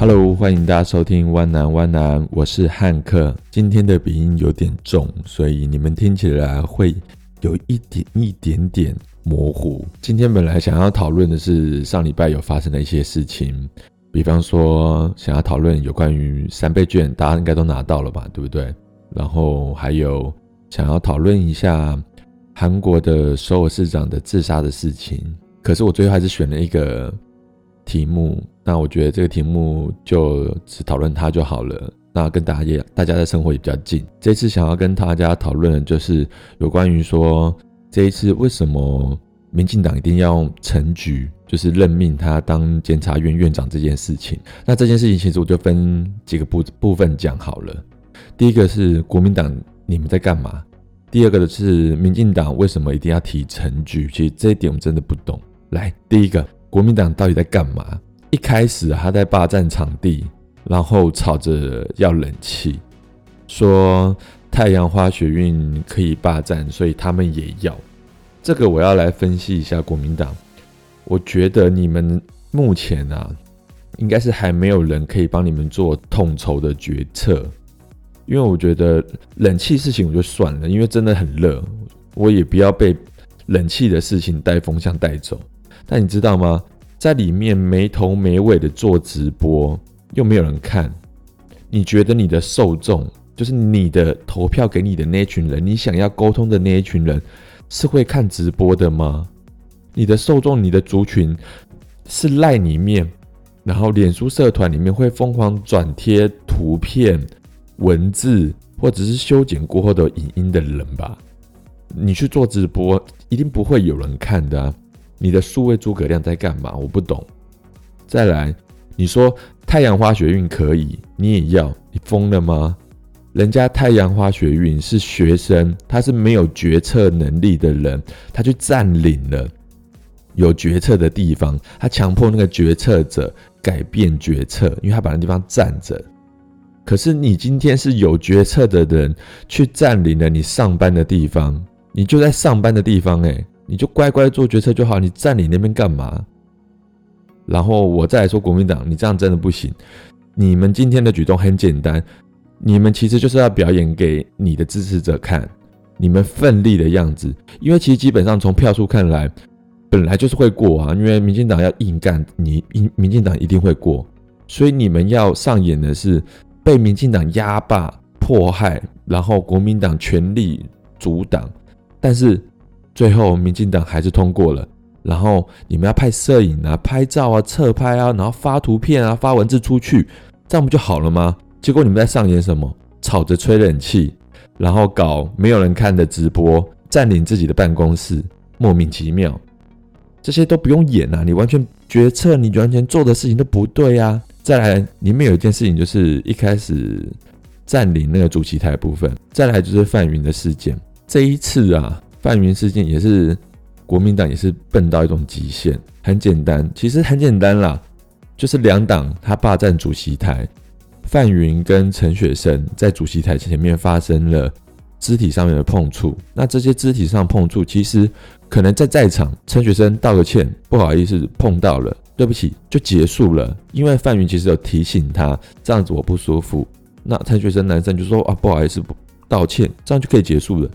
Hello，歡迎大家收聽彎南彎南，我是漢克。今天的鼻音有點重，所以你們聽起來會有一點一點點模糊。今天本來想要討論的是上禮拜有發生的一些事情，比方說想要討論有關於三倍券，大家應該都拿到了吧，對不對？然後還有想要討論一下韓國的首爾市長的自殺的事情，可是我最後還是選了一個。題目，那我覺得這個題目就只討論它就好了。那跟大家也，大家的生活也比較近。這一次想要跟大家討論的就是有關於說，這一次為什麼民進黨一定要陳菊，就是任命他當監察院院長這件事情。那這件事情其實我就分幾個部部分講好了。第一個是國民黨你們在幹嘛？第二個的是民進黨為什麼一定要提陳菊，其實這一點我真的不懂。來，第一個。國民黨到底在幹嘛？一開始他在霸占場地，然後吵着要冷氣，說太陽花學運可以霸占，所以他們也要。這個我要來分析一下國民黨。我覺得你們目前啊，應該是還沒有人可以幫你們做統籌的決策，因為我覺得冷氣事情我就算了，因為真的很熱，我也不要被冷氣的事情帶風向帶走。那你知道嗎？在裡面沒頭沒尾的做直播，又沒有人看，你覺得你的受眾，就是你的投票給你的那一群人，你想要溝通的那一群人，是會看直播的嗎？你的受眾，你的族群，是賴裡面，然後臉書社團裡面會瘋狂轉貼圖片、文字，或者是修剪過後的影音的人吧？你去做直播，一定不會有人看的啊！你的數位諸葛亮在幹嘛？我不懂。再來，你說太陽花學運可以，你也要？你瘋了嗎？人家太陽花學運是學生，他是沒有決策能力的人，他去佔領了有決策的地方，他強迫那個決策者改變決策，因為他把那個地方佔着。可是你今天是有決策的人去佔領了你上班的地方，你就在上班的地方，欸，哎。你就乖乖做決策就好，你站你那邊幹嘛？然後我再來說國民黨，你這樣真的不行。你們今天的舉動很簡單，你們其實就是要表演給你的支持者看，你們奮力的樣子。因為其實基本上從票數看來，本來就是會過啊。因為民進黨要硬幹，你民民進黨一定會過，所以你們要上演的是被民進黨壓霸迫害，然後國民黨全力阻擋，但是。最後，民進黨還是通過了。然後你們要拍攝影啊、拍照啊、側拍啊，然後發圖片啊、發文字出去，這樣不就好了嗎？結果你們在上演什麼？吵着吹冷氣，然後搞沒有人看的直播，佔領自己的辦公室，莫名其妙，這些都不用演啊！你完全決策，你完全做的事情都不對啊！再來，裡面有一件事情就是一開始佔領那個主席台部分，再來就是范雲的事件，這一次啊。范雲事件也是國民黨也是笨到一種極限，很簡單，其實很簡單啦，就是兩黨他霸占主席台，范雲跟陳雪生在主席台前面發生了肢體上面的碰觸，那這些肢體上碰觸其實可能在在場，陳雪生道個歉，不好意思碰到了，對不起就結束了，因為范雲其實有提醒他這樣子我不舒服，那陳雪生男生就說啊不好意思道歉，這樣就可以結束了，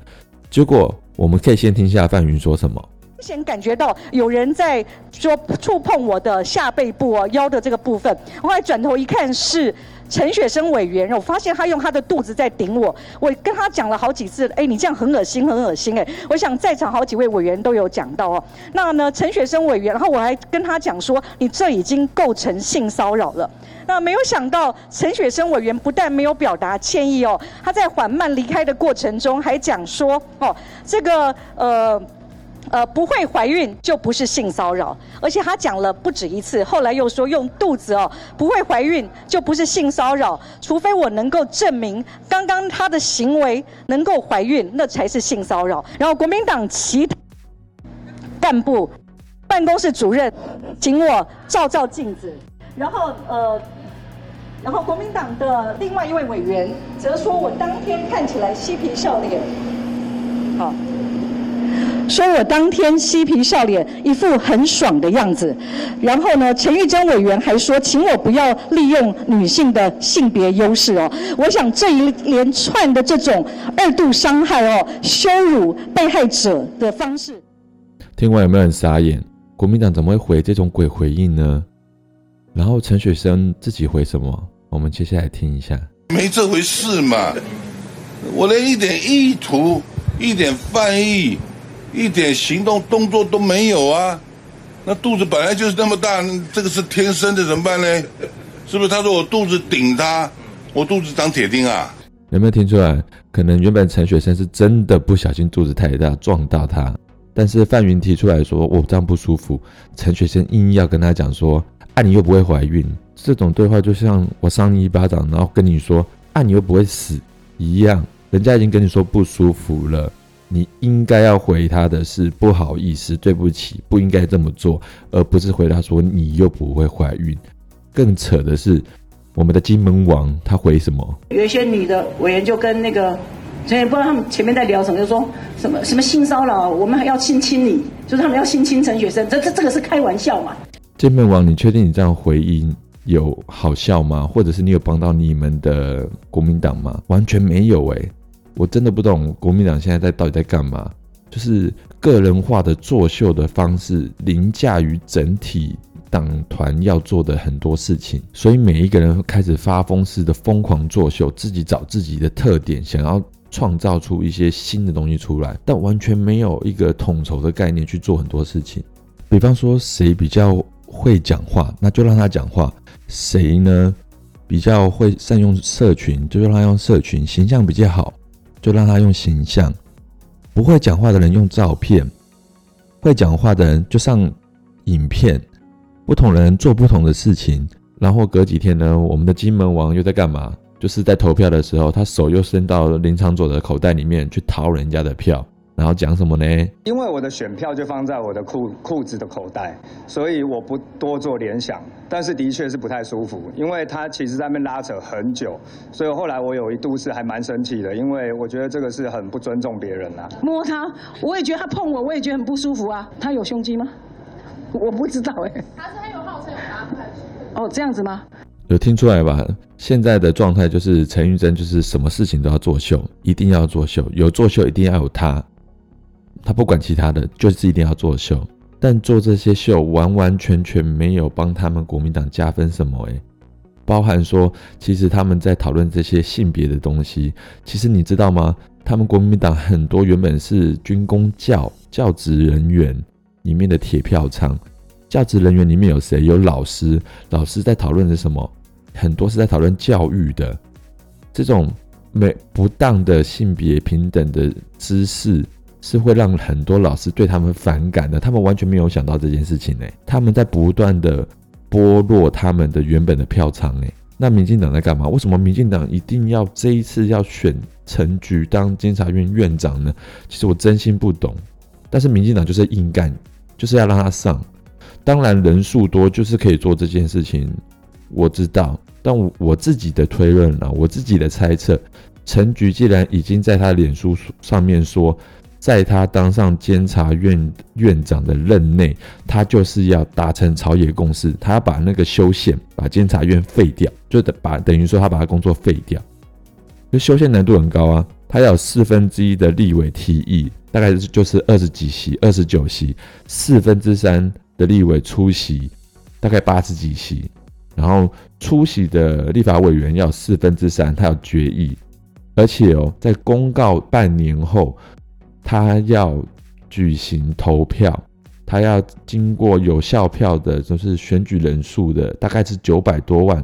結果。我們可以先聽一下范雲說什麼。明顯感覺到有人在說觸碰我的下背部啊、哦，腰的這個部分。我後來轉頭一看是。陳雪生委員，我發現他用他的肚子在頂我，我跟他講了好幾次，哎、欸，你這樣很惡心，很惡心、欸，哎，我想在場好幾位委員都有講到哦、喔。那呢，陳雪生委員，然後我還跟他講說，你這已經構成性騷擾了。那沒有想到，陳雪生委員不但沒有表達歉意哦、喔，他在緩慢離開的過程中還講說，哦、喔，這個呃。呃，不會懷孕就不是性騷擾，而且他講了不止一次，後來又說用肚子哦，不會懷孕就不是性騷擾，除非我能夠證明剛剛他的行為能夠懷孕，那才是性騷擾。然後國民黨其他幹部、辦公室主任，請我照照鏡子。然後呃，然後國民黨的另外一位委員則說我當天看起來嬉皮笑臉。好。說我當天嬉皮笑臉，一副很爽的樣子。然後呢，陳玉珍委員還說，請我不要利用女性的性別優勢哦。我想這一連串的這種二度傷害哦，羞辱被害者的方式。聽完有沒有人傻眼？國民黨怎麼會回這種鬼回應呢？然後陳雪生自己回什麼？我們接下來聽一下。沒這回事嘛，我連一點意圖，一點犯意一點行動動作都沒有啊！那肚子本來就是那麼大，這個是天生的，怎麼辦呢？是不是？他說我肚子頂他，我肚子長鐵釘啊！有沒有聽出來？可能原本陳雪生是真的不小心肚子太大撞到他，但是范雲提出來說我這樣不舒服，陳雪生硬要跟他講說按、啊、你又不會懷孕，這種對話就像我扇你一巴掌，然後跟你說按、啊、你又不會死一樣，人家已經跟你說不舒服了。你應該要回他的是不好意思，對不起，不應該這麼做，而不是回他說你又不會懷孕。更扯的是，我們的金門王他回什麼？有一些女的委員就跟那個，所以不知道他們前面在聊什麼，就是、說什麼什麼性騷擾，我們還要親親你，就是他們要親親陳雪生。這這這個是開玩笑嘛？金門王，你確定你這樣回應有好笑嗎？或者是你有幫到你們的國民黨嗎？完全沒有哎、欸。我真的不懂國民黨現在在到底在幹嘛，就是個人化的作秀的方式凌駕於整體黨團要做的很多事情，所以每一個人開始發瘋似的瘋狂作秀，自己找自己的特點，想要創造出一些新的東西出來，但完全沒有一個統籌的概念去做很多事情。比方說，誰比較會講話，那就讓他講話；誰呢，比較會善用社群，就讓他用社群，形象比較好。就讓他用形象，不會講話的人用照片，會講話的人就上影片，不同人做不同的事情。然後隔幾天呢，我們的金門王又在幹嘛？就是在投票的時候，他手又伸到林昶佐的口袋裡面去掏人家的票。然後講什麼呢？因為我的選票就放在我的褲褲子的口袋，所以我不多做聯想。但是的確是不太舒服，因為他其實在那邊拉扯很久，所以後來我有一度是還蠻生氣的，因為我覺得這個是很不尊重別人啦、啊。摸他，我也覺得他碰我，我也覺得很不舒服啊。他有胸肌嗎？我不知道哎、欸。他是很有號稱有搭配 哦，這樣子嗎？有聽出來吧？現在的狀態就是陳玉珍，就是什麼事情都要作秀，一定要作秀，有作秀一定要有他。他不管其他的，就是一定要做秀。但做這些秀，完完全全沒有幫他們國民黨加分什麼誒。包含說，其實他們在討論這些性別的東西。其實你知道嗎？他們國民黨很多原本是軍工教教職人員裡面的鐵票倉，教職人員裡面有誰？有老師，老師在討論的是什麼？很多是在討論教育的這種沒不當的性別平等的知識。是會讓很多老師對他們反感的。他們完全沒有想到這件事情欸，他們在不斷的剝落他們的原本的票倉欸。那民進黨在幹嘛？為什麼民進黨一定要這一次要選陳菊當監察院院長呢？其實我真心不懂。但是民進黨就是硬幹，就是要讓他上。當然人數多就是可以做這件事情，我知道。但我自己的推論啊，我自己的猜測，陳菊既然已經在他臉書上面說。在他當上監察院院長的任內，他就是要達成朝野共識，他要把那個修憲，把監察院廢掉，就把等把等於說他把他工作廢掉。那修憲難度很高啊，他要有四分之一的立委提議，大概就是二十幾席、二十九席，四分之三的立委出席，大概八十幾席，然後出席的立法委員要四分之三，他要決議。而且哦，在公告半年後。他要舉行投票，他要經過有效票的，就是選舉人數的，大概是九百多萬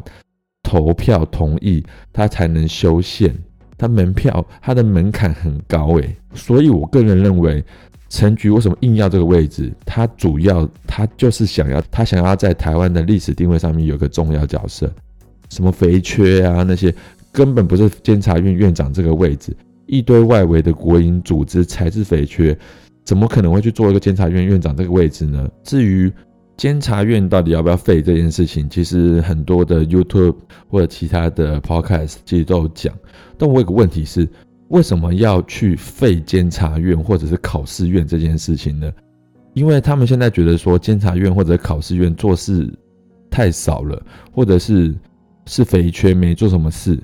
投票同意，他才能修憲。他門票他的門檻很高誒、欸，所以我個人認為，陳菊為什麼硬要這個位置？他主要他就是想要他想要在台灣的歷史定位上面有個重要角色，什麼肥缺啊那些根本不是監察院院長這個位置。一堆外圍的國營組織才是肥缺，怎麼可能會去做一個監察院院長這個位置呢？至於監察院到底要不要廢這件事情，其實很多的 YouTube 或者其他的 Podcast 其實都有講。但我有個問題是，為什麼要去廢監察院或者是考試院這件事情呢？因為他們現在覺得說監察院或者考試院做事太少了，或者是是肥缺沒做什麼事，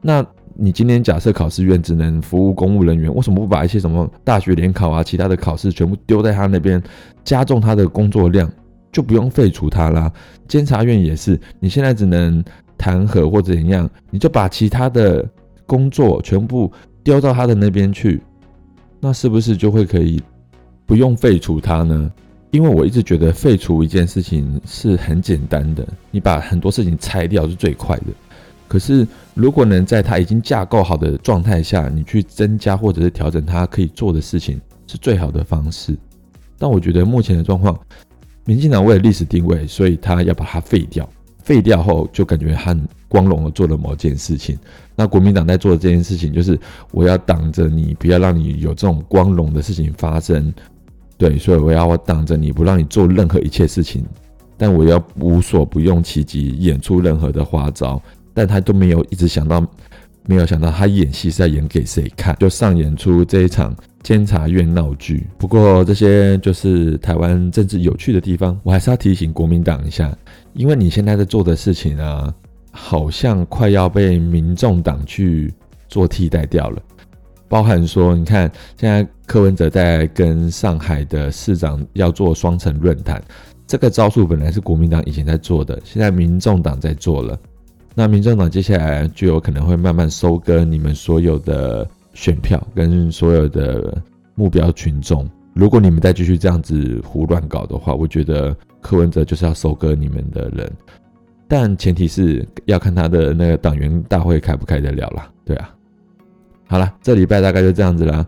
那，你今天假設考試院只能服務公務人員，為什麼不把一些什麼大學聯考啊、其他的考試全部丟在他那邊，加重他的工作量，就不用廢除他啦，監察院也是，你現在只能彈劾或者怎樣，你就把其他的工作全部丟到他的那邊去，那是不是就會可以不用廢除他呢？因為我一直覺得廢除一件事情是很簡單的，你把很多事情拆掉是最快的。可是，如果能在他已經架構好的狀態下，你去增加或者是調整他可以做的事情，是最好的方式。但我覺得目前的狀況，民進黨為了歷史定位，所以他要把它廢掉。廢掉後就感覺很光榮地做了某件事情。那國民黨在做的這件事情，就是我要擋着你，不要讓你有這種光榮的事情發生。對，所以我要我擋着你，不讓你做任何一切事情。但我要無所不用其極，演出任何的花招。但他都沒有一直想到，沒有想到他演戲是在演給誰看，就上演出這一場監察院鬧劇。不過，這些就是台灣政治有趣的地方。我還是要提醒國民黨一下，因為你現在在做的事情啊，好像快要被民眾黨去做替代掉了。包含說，你看現在柯文哲在跟上海的市長要做雙城論壇，這個招數本來是國民黨以前在做的，現在民眾黨在做了。那民進黨接下來就有可能會慢慢收割你們所有的選票跟所有的目標群眾。如果你們再繼續這樣子胡亂搞的話，我覺得柯文哲就是要收割你們的人，但前提是要看他的那個黨員大會開不開得了啦。對啊，好啦，這個禮拜大概就這樣子啦。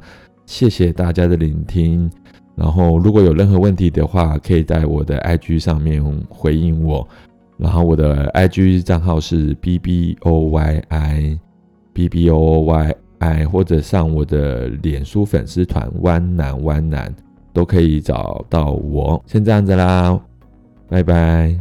謝謝大家的聆聽。然後如果有任何問題的話，可以在我的 IG 上面回應我。然後我的 IG 賬號是 bboyi，bboyi BBOYI, 或者上我的臉書粉絲團彎男彎男都可以找到我，先這樣子啦，拜拜。